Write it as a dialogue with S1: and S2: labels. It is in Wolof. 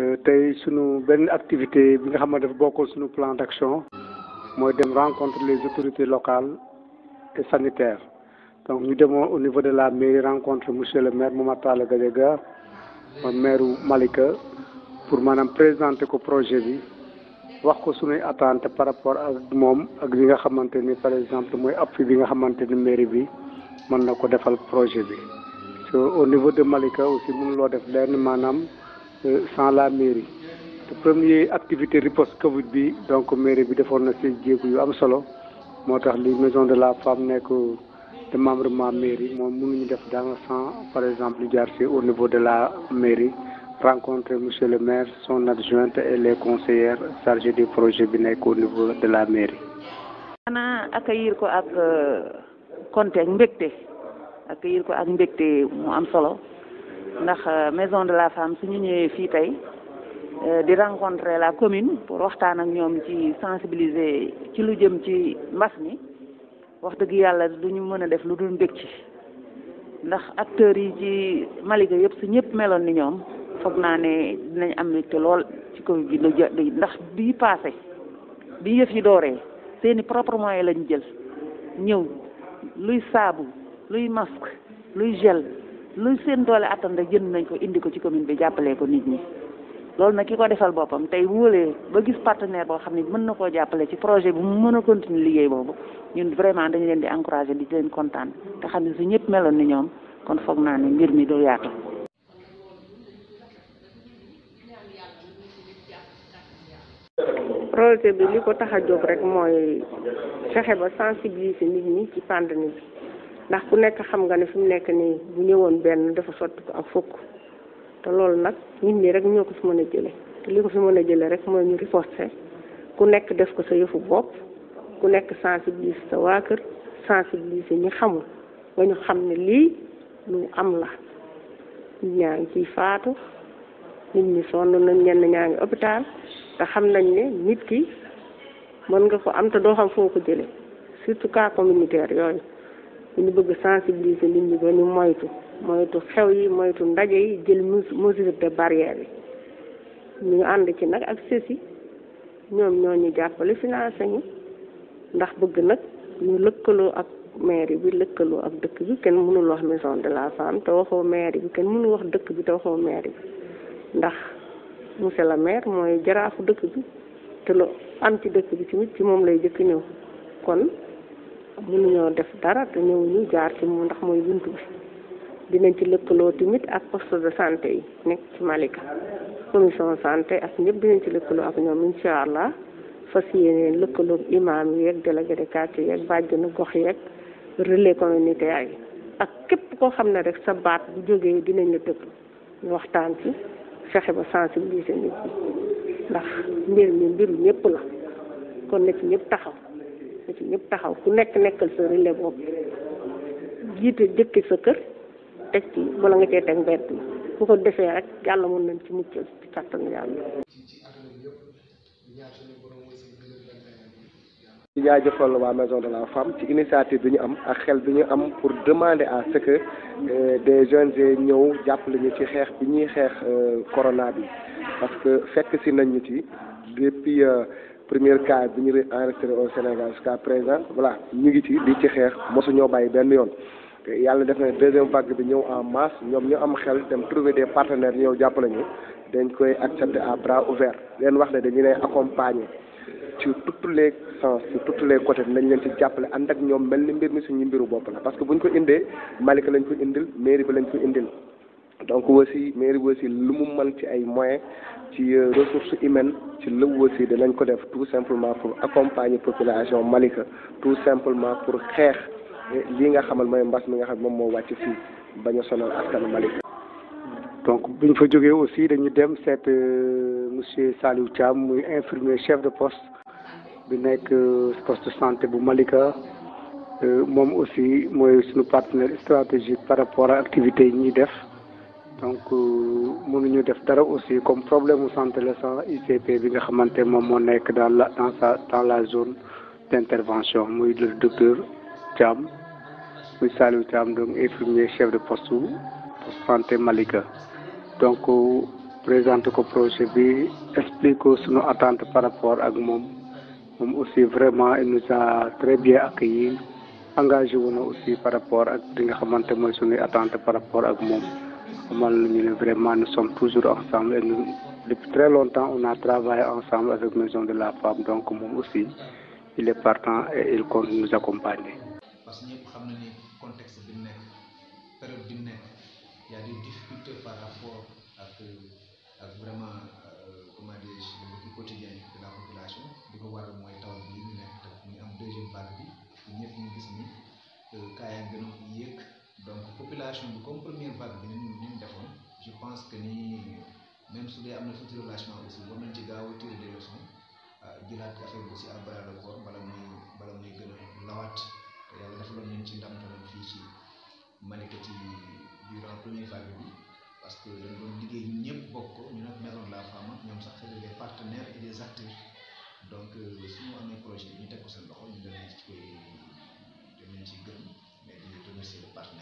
S1: Euh, tey sunu benn activité bi nga xam ne dafa sunu plan d'action mooy dem rencontre les autorités locales et sanitaires donc ñu demoon au niveau de la mairie rencontre monsieur le maire Momar Talla Gadiaga maire Malika pour maanaam présenter ko projet bi wax ko sunuy attente par rapport à moom ak li nga xamante ni par exemple mooy appui bi nga xamante ni mairie bi mën na ko defal projet bi so au niveau de Malika aussi mënuloo def lenn maanaam. Euh, sans la mairie La première activité que Covid bi donc mairie des maison de la femme de la mairie par exemple au niveau de la mairie rencontrer monsieur le maire son adjointe et les conseillères chargés du projet bi au niveau de la mairie.
S2: accueillir euh, ndax euh, maison de la femme su ñu ñëwee fii tey euh, di rencontrer la commune pour waxtaan ak ñoom ci sensibiliser ci lu jëm ci mbas mi wax dëgg yàlla du ñu mën a def lu dul mbég ci ndax acteurs yi ci Malika yëpp su ñëpp meloon ni ñoom foog naa ne dinañ am mbégte lool ci Covid bi lu ndax bii paase bi yëf yi dooree seeni propre moyen lañ jël ñëw luy saabu luy masque luy gel lu seen doole attan rek jënd nañ ko indi ko ci commune bi jàppalee ko nit ñi loolu nag ki ko defal boppam tey bu wóolee ba gis partenaire boo xam ne mën na koo jàppale ci projet bu mu mën a continuer liggéey boobu ñun vraiment dañu leen di encourager di leen kontaan te xam ne su ñëpp meloon ni ñoom kon foog naa ne mbir mi du yaatu.
S3: projet bi li ko tax
S4: a jóg rek mooy fexe ba sensibiliser nit ñi ci pandémie bi. ndax ku nekk xam nga ne fi mu nekk nii bu ñëwoon benn dafa sotti ko ak fukk te loolu nag nit ñi rek ñoo ko fi mën a jële te li ko fi mën a jële rek mooy ñu riposté ku nekk def ko sa yëfu bopp ku nekk sensibiliser sa waa kër sensibiliser ñi xamul ba ñu xam ne lii lu am la nit ñaa ngi ciy faatu nit ñi sonn nañ ñenn ñaa ngi hôpital te xam nañ ne nit ki mën nga ko am te doo xam foo ko jële surtout cas communautaire yooyu ñu bëgg sensibiliser nit ñi ba ñu moytu moytu xew yi moytu ndaje yi jël mesure de barrière yi ñu ànd ci nag ak ceci ñoom ñoo ñu jàppale financé ñu ndax bëgg nag ñu lëkkaloo ak mairie bi lëkkaloo ak dëkk bi kenn mënul wax maison de la femme te waxoo mairie bi kenn mënul wax dëkk bi te waxoo mairie bi ndax monsieur le maire mooy jaraafu dëkk bi te lu am ci dëkk bi ci tamit ci moom lay jëkk ñëw kon mënuñoo def dara te ñëw ñu jaar ci moom ndax mooy bunt bi dinañ ci lëkkaloo tamit ak poste de santé yi nekk ci Malika commission santé ak ñëpp dinañ ci lëkkaloo ak ñoom incha allah fas yéeneen lëkkaloo imaam yeeg délégué de quartier yeeg bàjjenu gox yeeg relais communautaire yi ak képp koo xam ne rek sa baat bu jógee dinañ la tëpp ñu waxtaan ci fexe ba sensibiliser nit ñi ndax mbir mi mbiru ñëpp la kon na ci ñëpp taxaw na taxaw ku nekk nekkal sa relais bopp jiite jëkki sa kër teg ci bala nga cee teg mbedd mi bu ko defee rek yàlla mën nañ ci muccal ci kàttan yàlla.
S5: di jaajëfal waa maison de la femme ci initiative bi ñu am ak xel bi ñu am pour demander à ce que euh, des jeunes ñëw jàppale ñu ci xeex bi ñuy xeex euh, corona bi parce que fekk si nañ ñu ci depuis. Euh, première cas bi ñu enregistré au Sénégal jusqu'à présent voilà ñu ngi ci di ci xeex mosuñoo bàyyi benn yoon te yàlla def na deuxième vague bi ñëw en masse ñoom ñu am xel dem trouver des partenaires ñëw jàpp ñu dañ koy accepter à bras ouverts leen wax ne dañu lay accompagner ci tous les sens ci tous les côtés nañ leen ci jàppale ànd ak ñoom mel ni mbir mi suñu mbiru bopp la parce que bu ñu ko indee Malika lañ ko indil mairie bi lañ ko indil donc aussi mairie aussi lu mu ci ay moyens ci euh, ressources humaines ci le aussi de ko def tout simplement pour accompagner population Malika tout simplement pour xex eh, li nga xamal sont mbass mi nga xam mom mo wàcc
S1: fi baña sonal askan Malika. donc buñ fa aussi dañu dem cet euh, monsieur Saliou Thiam muy infirmier chef de poste bi nek euh, poste santé bu Malika. mom aussi moy suñu partenaire stratégique par rapport à activité ñi def. donc euh, ñu def dara aussi comme problème mu santé la sans ICP bi nga xamante moom moo nekk dans la dans sa dans la zone d' intervention muy le docteur Thiam muy Saliou Thiam donc infirmier chef de poste poste santé Malika donc euh, présente ko projet bi explique ko suñu attente par rapport ak moom moom aussi vraiment il nous a très bien accueilli engagé wu na aussi par rapport ak li nga xamante mooy suñuy attente par rapport ak moom mal ñu vraiment nous sommes toujours ensemble et nous, depuis très longtemps on a travaillé ensemble avec Maison de la Femme donc moi aussi il est partant et il compte nous accompagner.
S3: parce que ñëpp xam na ni contexte bi nekk période bi il y a des difficultés par rapport à ak vraiment euh, comment dire, le quotidien de la population di ko waral mooy taw bi la nekk te ñu deuxième vague bi ñëpp ñu gis ni kaa euh, yaa gën a donc population bi comme première vague je pense que ni même su dee aussi a fait des leçons euh, aussi à bras de corps bala muy bala a première vague parce que dañ doon maison de la femme nous sax fait des partenaires et des acteurs donc si nous avons ko loxo ñu ci ci remercier le partenaire